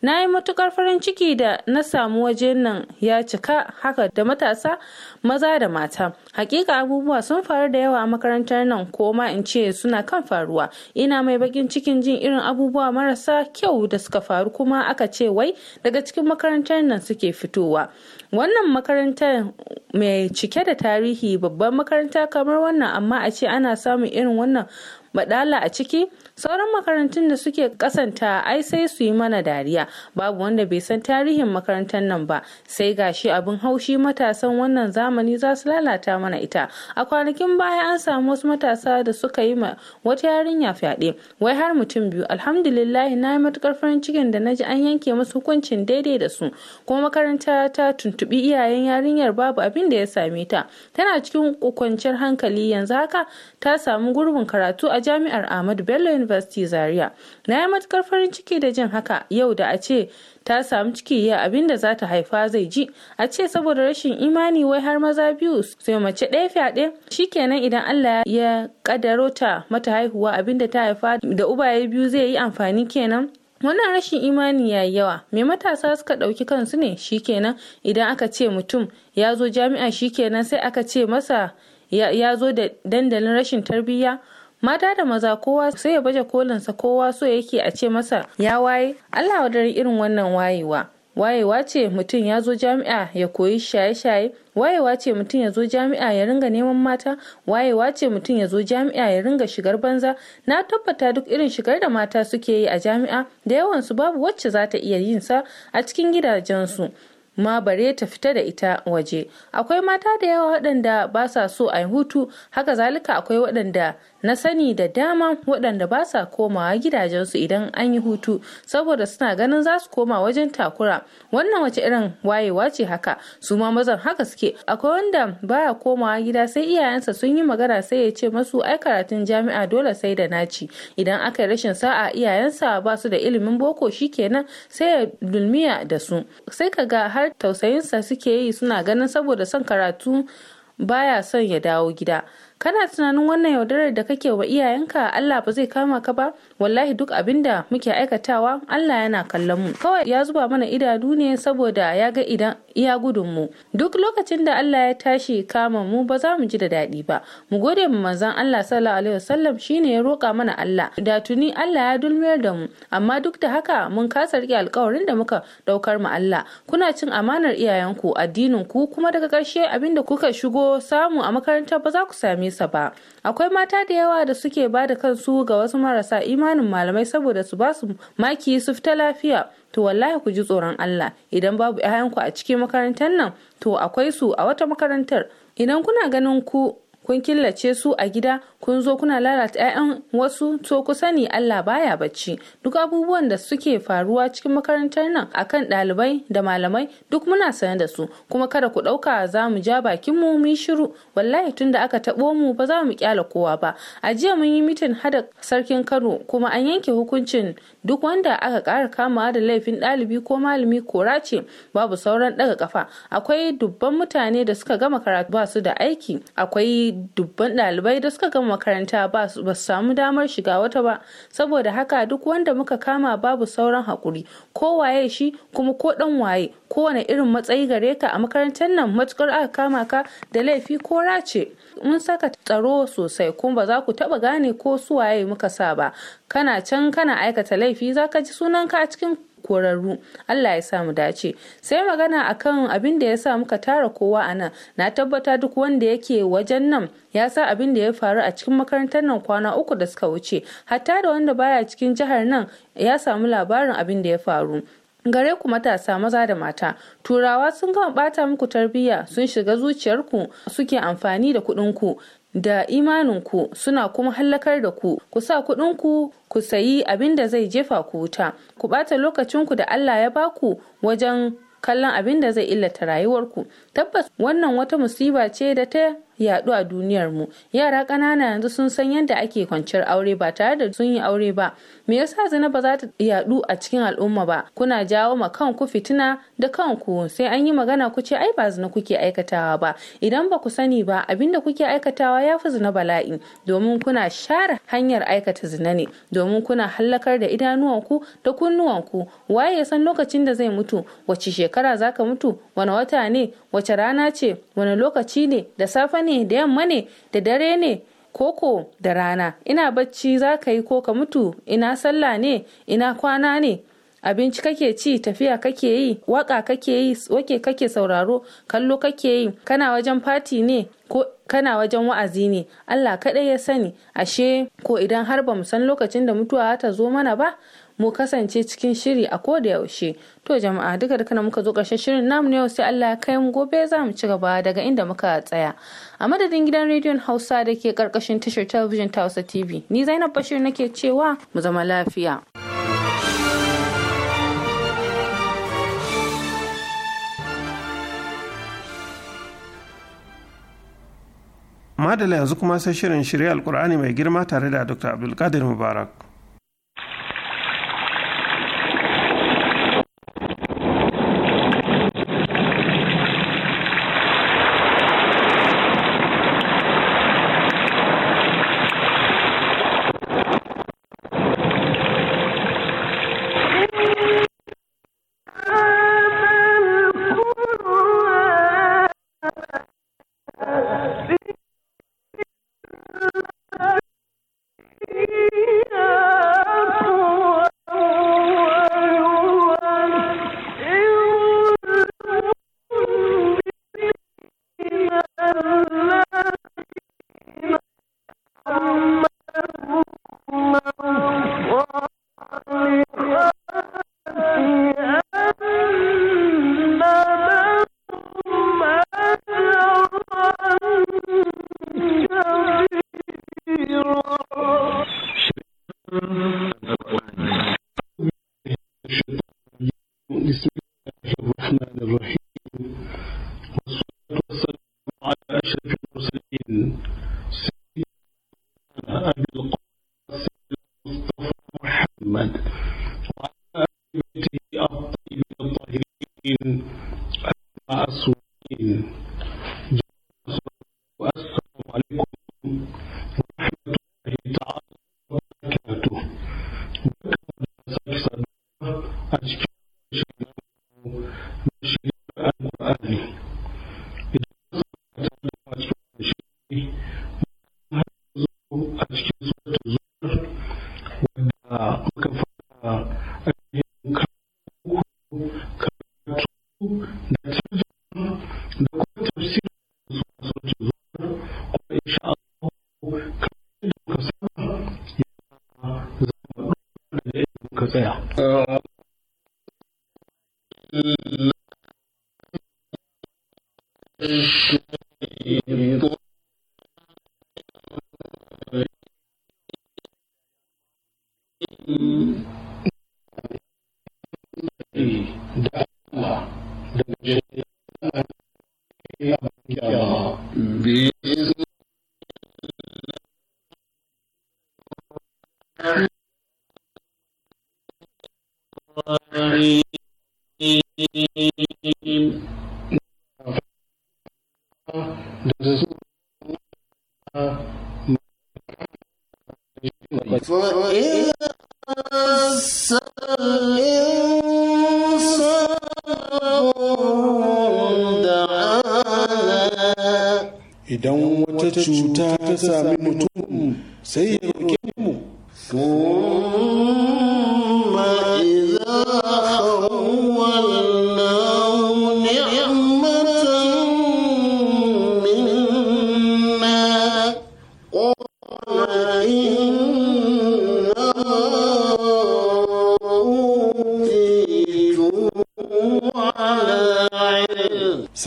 na yi matukar farin ciki da na samu waje nan ya cika haka da matasa maza da mata hakika abubuwa sun faru da yawa a makarantar nan ko ma in ce suna kan faruwa ina mai bakin cikin jin irin abubuwa marasa kyau da suka faru kuma aka ce wai daga cikin makarantar nan suke fitowa wannan makarantar mai cike da tarihi babban makaranta kamar wannan amma a ce ana samun irin wannan badala a ciki sauran makarantun da suke kasanta ai sai su yi mana dariya babu wanda bai san tarihin makarantar nan ba sai gashi abin haushi matasan wannan zamani za su lalata mana ita a kwanakin baya an samu wasu matasa da suka yi ma wata yarinya fyaɗe wai har mutum biyu alhamdulillah na yi matukar farin cikin da na ji an yanke musu hukuncin daidai da su kuma makaranta ta tuntubi iyayen yarinyar babu abin da ya same ta tana cikin kwanciyar hankali yanzu haka ta samu gurbin karatu a jami'ar ahmadu bello University Zaria. Na yi matukar farin ciki da jin haka yau da a ce ta samu ciki ya abin da za ta haifa zai ji a ce saboda rashin imani wai har maza biyu su yi mace ɗaya fyaɗe shi kenan idan Allah ya ƙadaro ta mata haihuwa abin da ta haifa da ubaye biyu zai yi amfani kenan wannan rashin imani ya yi yawa me matasa suka ɗauki kansu ne shi kenan idan aka ce mutum ya zo jami'a kenan sai aka ce masa ya zo da dandalin rashin tarbiyya mata da maza kowa sai ya baje kolinsa kowa so yake a ce masa ya waye allah wadari irin wannan wayewa wayewa ce mutum ya zo jami'a ya koyi shaye-shaye wayewa ce mutum ya zo jami'a ya ringa neman mata wayewa ce mutum ya zo jami'a ya ringa shigar banza na tabbata duk irin shigar da mata suke yi a jami'a da yawansu babu wacce za ta iya yin sa a cikin gidajensu ma bare ta fita da ita waje akwai mata da yawa waɗanda ba sa so a yi hutu haka zalika akwai waɗanda na sani da dama waɗanda ba sa komawa gidajensu idan an yi hutu saboda suna ganin za su koma wajen takura wannan wace irin wayewa ce haka su ma mazan haka suke akwai wanda baya komawa gida sai iyayensa sun yi magana sai ya ce masu ai karatun jami'a dole sai da naci idan aka yi rashin sa'a iyayensa ba su da ilimin boko shikenan sai ya dulmiya da su sai ka ga har tausayinsa suke yi suna ganin saboda son karatu baya son ya dawo gida kana tunanin wannan yaudarar da kake wa iyayenka Allah ba zai kama ka ba wallahi duk abin da muke aikatawa Allah yana kallon mu kawai ya zuba mana idanu ne saboda ya ga idan iya gudun mu duk lokacin da Allah ya tashi kama mu ba za mu ji da daɗi ba mu gode mu manzon Allah sallallahu alaihi wasallam shine ya roƙa mana Allah da tuni Allah ya dulmiyar da mu amma duk da haka mun kasa rike alƙawarin da muka daukar mu Allah kuna cin amanar iyayenku addinin ku kuma daga karshe abinda kuka shigo samu a makarantar ba za ku same nesa ba akwai mata da yawa da suke ba da kansu ga wasu marasa imanin malamai saboda su basu su maki su fita lafiya to wallahi ku ji tsoron Allah idan babu ku a cikin makarantar nan to akwai su a wata makarantar idan kuna ganin ku kun killace su a gida kun zo kuna lalata 'ya'yan wasu to ku sani Allah baya bacci duk abubuwan da suke faruwa cikin makarantar nan akan ɗalibai da malamai duk muna sane da su kuma kada ku ɗauka za mu ja bakin mu mu shiru wallahi tun da aka taɓo mu ba za mu kyala kowa ba a jiya mun yi mitin hada sarkin Kano kuma an yanke hukuncin duk wanda aka ƙara kamawa da laifin ɗalibi ko malami kora ce babu sauran ɗaga kafa akwai dubban mutane da suka gama karatu ba su da aiki akwai dubban ɗalibai da suka gama makaranta ba su samu damar shiga wata ba saboda haka duk wanda muka kama babu sauran hakuri ko waye shi kuma ko ɗan waye kowane irin matsayi gare ka a makarantar nan matukar aka kama ka da laifi ko race mun saka tsaro sosai kuma ba za ku taba gane ko su waye muka sa ba kana can kana aikata laifi za ka ji sunanka a cikin korarru Allah ya sa mu dace sai magana akan abin da ya sa muka tara kowa a nan na tabbata duk wanda yake wajen nan ya sa abin da ya faru a cikin makarantar nan kwana uku da suka wuce hatta da wanda baya cikin jihar nan ya samu labarin abin da ya faru gare ku matasa maza da mata turawa sun gama bata muku tarbiyya sun shiga zuciyarku suke amfani da kuɗin ku da imaninku suna kuma hallakar da ku ku sa kuɗinku ku sayi abin da zai jefa ku wuta ku ɓata lokacinku da Allah ya baku wajen kallon abin da zai illata rayuwarku tabbas wannan wata musiba ce da ta yadu a duniyar mu yara kanana yanzu sun san yadda ake kwanciyar aure ba tare da sun yi aure ba me yasa zina ba za ta yadu a cikin al'umma ba kuna jawo ma kanku fitina da kanku sai an yi magana ku ce ai ba zina kuke aikatawa ba idan ba ku sani ba abin da kuke aikatawa ya fi zina bala'i domin kuna share hanyar aikata zina ne domin kuna hallakar da idanuwanku da kunnuwanku waye ya san lokacin da zai mutu wace shekara zaka mutu wani wata ne wace wace rana ce wani lokaci ne da safe ne da yamma ne da dare ne koko da rana ina bacci za ka yi ko ka mutu ina sallah ne ina kwana ne abinci kake ci tafiya kake yi waka kake yi wake kake sauraro kallo kake yi kana wajen fati ne ko kana wajen wa'azi ne Allah kaɗai ya sani ashe ko idan har ba san lokacin da mutuwa ta zo mana ba mu kasance cikin shiri a koda yaushe to jama'a duka da kana muka zo ƙarshen shirin namu yau sai Allah ya kai mu gobe za mu ci gaba daga inda muka tsaya a madadin gidan rediyon Hausa da ke karkashin tashar talabijin ta Hausa TV ni Zainab Bashir nake cewa mu zama lafiya. madala yanzu kuma sai shirin shirya alkur'ani mai girma tare da dr abdulkadir mubarak I'd be looking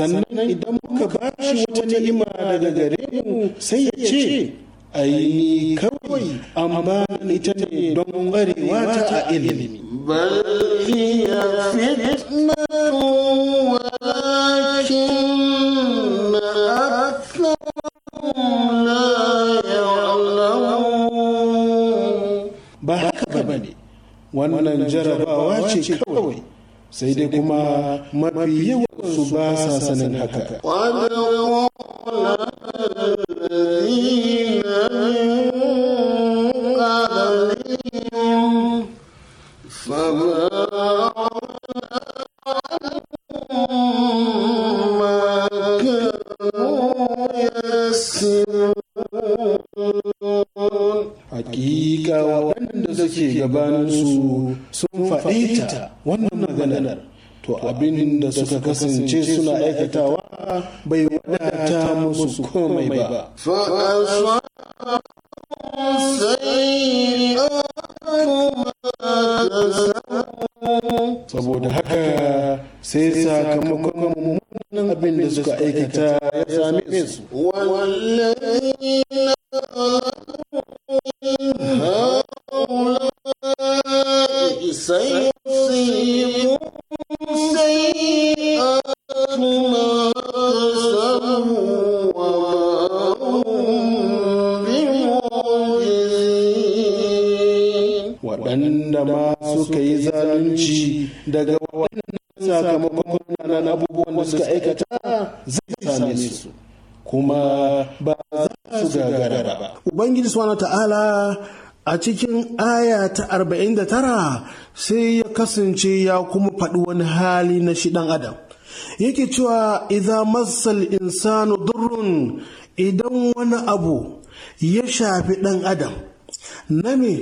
sannan idan muka ba shi wata ni'ima daga gare mu sai ya ce aini kawai amma ita ne don warewa ta a ilimi bal hiya fitnatu walakin aktharuhum la ya'lamun ba haka ne wannan jarabawa ce kawai sai dai kuma mafi yawa أساسا انحكى suka kasance suna aikatawa bai wadata musu komai ba. waɗanda ma suka yi zalunci daga waɗannan sakamakon nan abubuwan da suka aikata zai same su kuma ba za su gagara ba ubangiji Suwana ta'ala a cikin aya ta 49 sai ya kasance ya kuma faɗi wani hali na shi ɗan adam yake cewa idan massal insanu durrun idan wani abu ya shafi ɗan adam na me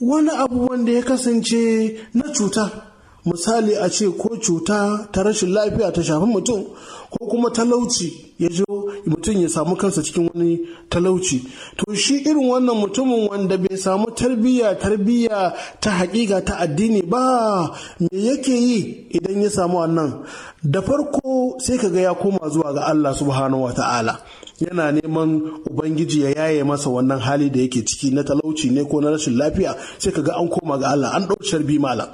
wani abu wanda ya kasance na cuta misali a ce ko cuta ta rashin lafiya ta shafi mutum ko kuma talauci ya zo mutum ya samu kansa cikin wani talauci to shi irin wannan mutumin wanda bai samu tarbiyya tarbiyya ta hakika ta addini ba me yake yi idan ya samu wannan da farko sai ka ga ya koma zuwa ga Allah subhanahu wa ta'ala yana neman ubangiji ya yaye masa wannan hali da yake ciki na talauci ne ko na rashin lafiya sai ka ga an koma ga Allah an ɗauki sharbi malam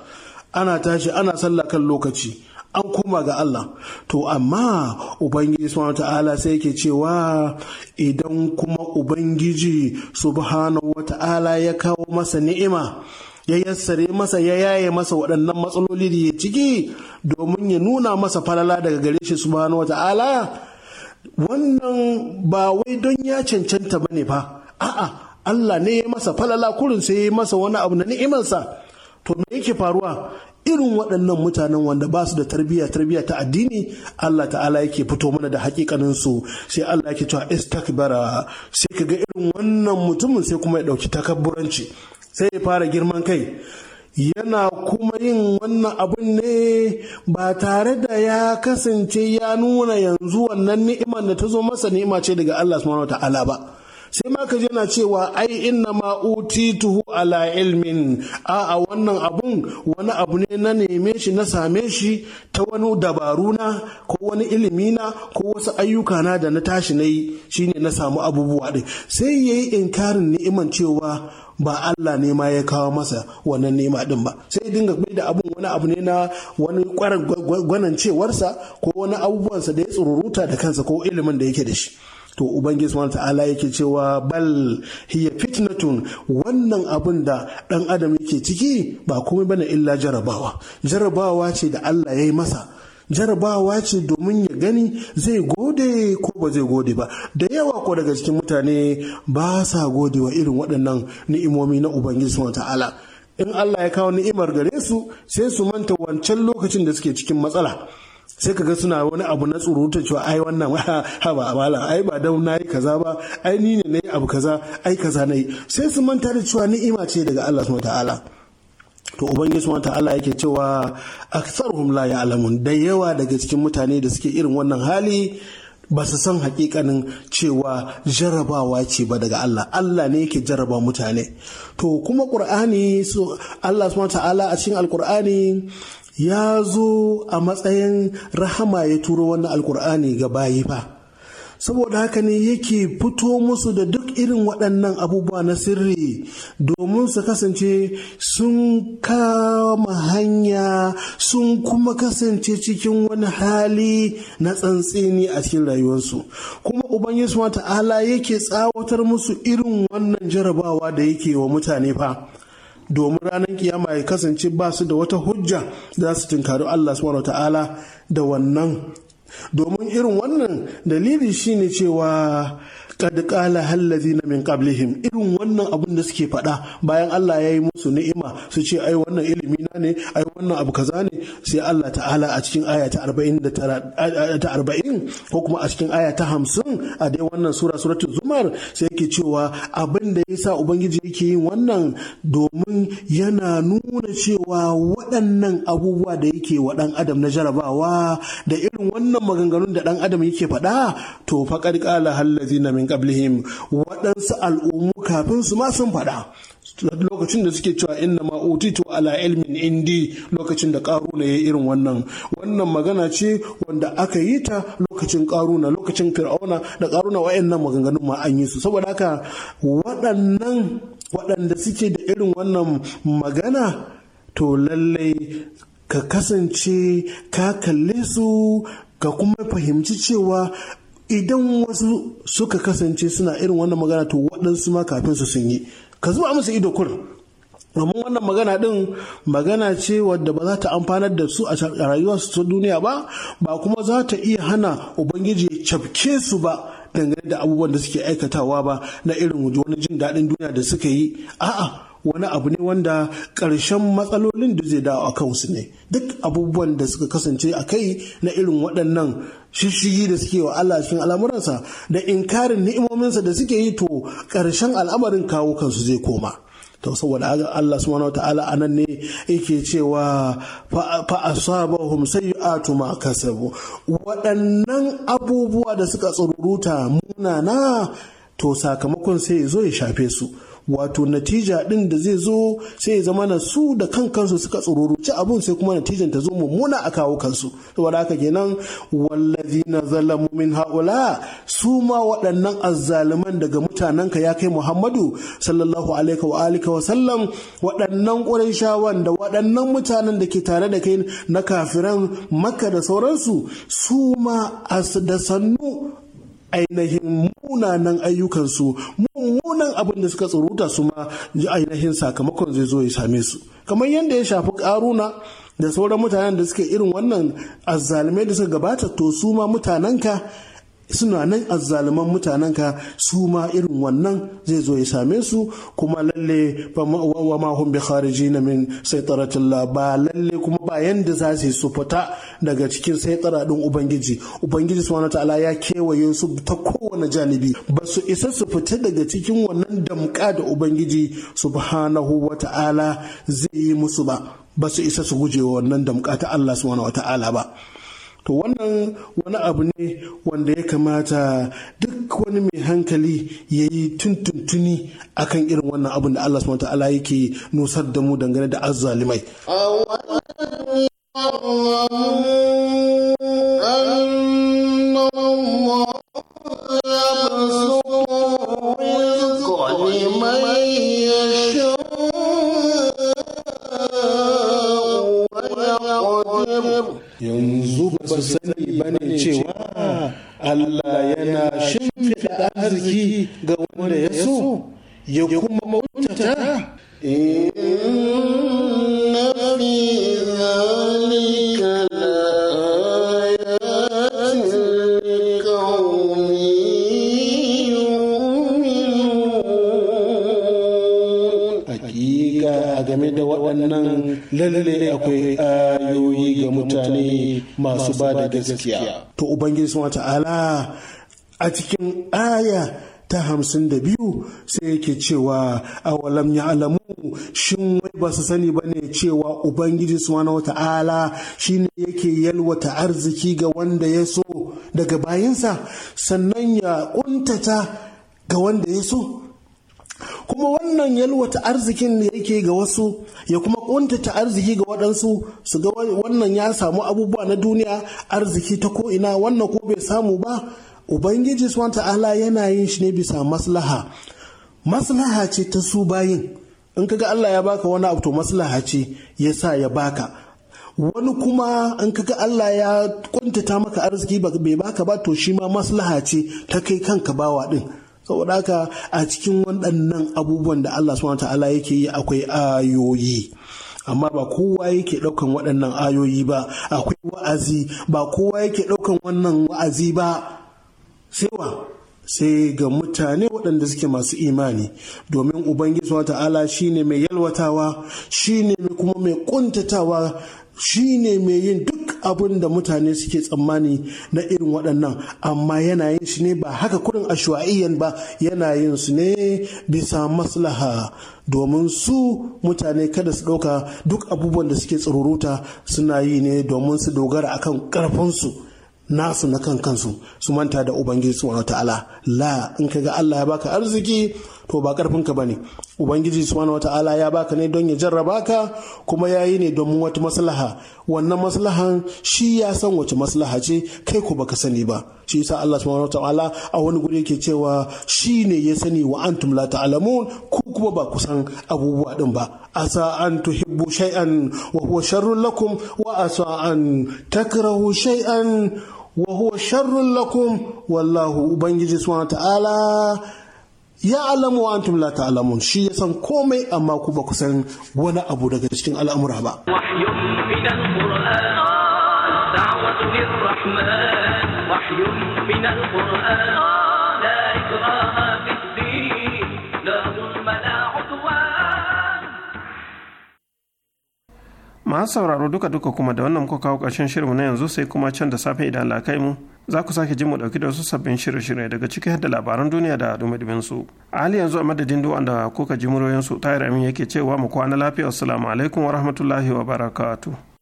ana tashi ana sallah kan lokaci an koma ga Allah to amma ubangiji subhanahu ta'ala sai yake cewa idan kuma ubangiji subhanahu ta'ala ya kawo masa ni'ima ya yassare masa ya yaye masa waɗannan matsaloli da ya ciki domin ya nuna masa falala daga gare shi subhanahu ta'ala wannan ba wai don ya cancanta ba ne fa a'a Allah ne ya masa falala kurin sai ya masa wani abu na ni'imansa. to me yake faruwa irin waɗannan mutanen wanda ba su da tarbiyya tarbiyya ta addini Allah ta'ala yake fito mana da hakikanin su sai Allah yake cewa istakbara sai ka ga irin wannan mutumin sai kuma ya ɗauki takabburanci sai ya fara girman kai yana kuma yin wannan abun ne ba tare da ya kasance ya nuna yanzu wannan ni'imar da ta zo masa ni'ima ce daga Allah subhanahu ta'ala ba sai ma ka cewa ai inna ma utituhu ala ilmin a a wannan abun wani abu ne na neme shi na same shi ta wani dabaru na ko wani ilimi na ko wasu ayyuka na da na tashi na yi shine na samu abubuwa ɗin sai yi inkarin ni'iman cewa ba Allah ne ma ya kawo masa wannan nema din ba sai dinga bai da abun wani abu ne na wani kwarar gwanancewarsa ko wani abubuwansa da ya tsururuta da kansa ko ilimin da yake da shi to ubangiji subhanahu ta'ala yake cewa bal hiya fitnatun wannan abin da dan adam yake ciki ba komai bane illa jarabawa jarabawa ce da Allah ya yi masa jarabawa ce domin ya gani zai gode ko ba zai gode ba da yawa ko daga cikin mutane ba sa gode wa irin waɗannan ni'imomi na ubangiji subhanahu ta'ala in Allah ya kawo ni'imar gare su sai su manta wancan lokacin da suke cikin matsala sai kaga suna wani abu na tsurutu cewa ai wannan ha ba abala ai ba dan nayi kaza ba ai ni ne nayi abu kaza ai kaza nayi sai su manta da cewa ni'ima ce daga Allah subhanahu ta'ala to ubangiji subhanahu ta'ala yake cewa aktsaruhum la ya'lamun da yawa daga cikin mutane da suke irin wannan hali ba su san hakikanin cewa jarabawa ce ba daga Allah Allah ne yake jaraba mutane to kuma qur'ani su Allah subhanahu ta'ala a cikin alqur'ani ya zo a matsayin rahama ya turo wannan alkur'ani ga bayi fa saboda haka ne yake fito musu da duk irin waɗannan abubuwa na sirri domin su kasance sun kama hanya sun kuma kasance cikin wani hali na tsantseni a cikin rayuwarsu kuma uban yesu ta'ala yake tsawatar musu irin wannan jarabawa da yake wa mutane fa domin ranar kiyama ya kasance ba su da wata hujja da za su tunkari Allah subhanahu ta'ala da wannan domin irin wannan dalili shine cewa qad qala hallazina min qablihim irin wannan abun da suke faɗa bayan Allah ya yi musu ni'ima su ce ai wannan ilimi na ne ai wannan abu kaza ne sai Allah ta'ala a cikin aya ta 49 ta 40 ko kuma a cikin aya ta 50 a dai wannan sura suratul zumar sai yake cewa abin da yasa ubangiji yake yin wannan domin yana nuna cewa waɗannan abubuwa da yake wa ɗan adam na jarabawa da irin wannan maganganun da ɗan adam yake faɗa to faqad qala hallazina min qablihim waɗansu al'ummu kafin su ma sun faɗa lokacin da suke cewa inna ma utitu ala ilmin indi lokacin da karuna ya irin wannan wannan magana ce wanda aka yi ta lokacin karuna lokacin fir'auna da karuna wayannan maganganun ma an yi su saboda haka waɗannan waɗanda suke da irin wannan magana to lallai ka kasance ka kalle su ka kuma fahimci cewa idan wasu suka kasance suna irin wannan magana to waɗansu ma kafin su sun yi ka zuba musu ido kur Amma wannan magana ɗin magana ce wadda ba za ta amfanar da su a rayuwarsu ta duniya ba ba kuma za ta iya hana ubangiji ya cafke su ba dangane da abubuwan da suke aikatawa ba na irin wani jin daɗin duniya da suka yi a'a wani abu ne wanda ƙarshen matsalolin da zai dawo a kansu ne duk abubuwan da suka kasance a kai na irin waɗannan shishigi da suke wa Allah cikin al'amuransa da inkarin ni'imominsa da suke yi to ƙarshen al'amarin kawo kansu zai koma to saboda Allah subhanahu wataala anan ne yake cewa fa asabahum sayyi'atu ma kasabu waɗannan abubuwa da suka tsururuta munana to sakamakon sai zo ya shafe su wato natija din da zai zo sai ya zama na su da kan kansu suka tsururuci abun sai kuma natijan ta zo mummuna a kawo kansu saboda haka kenan na zalamu min haula su ma waɗannan azzaluman daga mutanenka ya kai Muhammadu sallallahu alaihi wa alihi wa sallam waɗannan da waɗannan mutanen da ke tare da kai na kafiran Makka da sauransu su ma da sannu ainihin munanan ayyukansu mummunan abin da suka tsuruta su ma ji ainihin sakamakon zai zo ya same su kamar yadda ya shafi karuna da sauran mutanen da suke irin wannan azzalumai da suka gabata to su ma mutanenka suna nan azzaluman ka su ma irin wannan zai zo ya same su kuma lalle ma'uwa ma hum bi na min saitaratillah ba lalle kuma ba yanda za su su fita daga cikin saitara din ubangiji ubangiji subhanahu ta'ala ya kewaye su ta kowane janibi ba su isa su fita daga cikin wannan damka da ubangiji subhanahu wa ta'ala zai yi musu ba ba su isa su guje wannan damka ta Allah subhanahu wa ta'ala ba to wannan wani abu ne wanda ya kamata duk wani mai hankali ya yi tuntuntuni a kan irin wannan abin da Allah subhanahu ta'ala yake nusar da mu dangane da azzalimai Yanzu ba sani ba ne cewa Allah yana shin fi arziki ga wanda ya so, ya kuma mautata. Eh. lalle akwai ayoyi ga mutane masu ba da gaskiya to ubangiji subhanahu ta'ala a cikin aya ta hamsin da biyu sai yake cewa awalam ya alamu shin wai ba su sani ba ne cewa ubangiji ta'ala shi ne yake yalwata arziki ga wanda ya so daga bayinsa sannan ya kuntata ga wanda ya so kuma wannan yalwata arzikin da yake ga wasu ya kuma kuntata arziki ga waɗansu su ga wannan ya samu abubuwa na duniya arziki ta ko'ina wannan ko bai samu ba ubangiji suwan ta'ala yana yin shi ne bisa maslaha maslaha ce ta su bayin in kaga Allah ya baka wani abu to maslaha ce ya sa ya baka wani kuma in kaga Allah ya kuntata maka arziki bai baka ba to shi ma maslaha ce ta kai kanka bawa din saboda haka a cikin waɗannan abubuwan da Allah subhanahu ta'ala yake yi akwai ayoyi amma ba kowa yake ɗaukan waɗannan ayoyi ba akwai wa'azi ba kowa yake ɗaukan wannan wa'azi ba sai sai ga mutane waɗanda suke masu imani domin ubangiji wa ta'ala shine mai yalwatawa shine kuma mai kuntatawa shine mai yin duk abin da mutane suke tsammani na irin waɗannan amma yana yin shi ne ba haka kurin ashwa'iyyan ba yana yin su ne bisa maslaha domin su mutane kada su ɗauka duk abubuwan da suke tsururuta suna yi ne domin su dogara akan ƙarfinsu nasu na kan kansu su manta da ubangiji wa ta'ala la in ga Allah ya baka arziki to ba karfinka ba ne ubangiji subhanahu wata'ala ya baka ne don ya jarraba ka kuma ya yi ne domin wata maslaha wannan maslahan shi ya san wace maslaha ce kai ko baka sani ba shi yasa Allah subhanahu wata'ala a wani guri yake cewa shi ne ya sani wa antum la ta'lamun ku kuma ba ku san abubuwa din ba asa an tuhibbu shay'an wa huwa sharrun lakum wa asa an takrahu shay'an wa huwa sharrun lakum wallahu ubangiji subhanahu wata'ala ya alamu wa antum la ta'lamun shi ya san komai amma ku ba ku san wani abu daga cikin al'amura ba masu sauraro duka-duka kuma da wannan muka kawo ƙarshen shirinmu na yanzu sai kuma can da safe idan lakai mu za ku sake jin mu dauki da wasu sabbin shirye-shirye daga ciki da labaran duniya da dumadumin su a hali yanzu a madadin duk da kuka ji muryoyin su tayar amin yake cewa mu kwana lafiya assalamu alaikum wa rahmatullahi wa barakatu.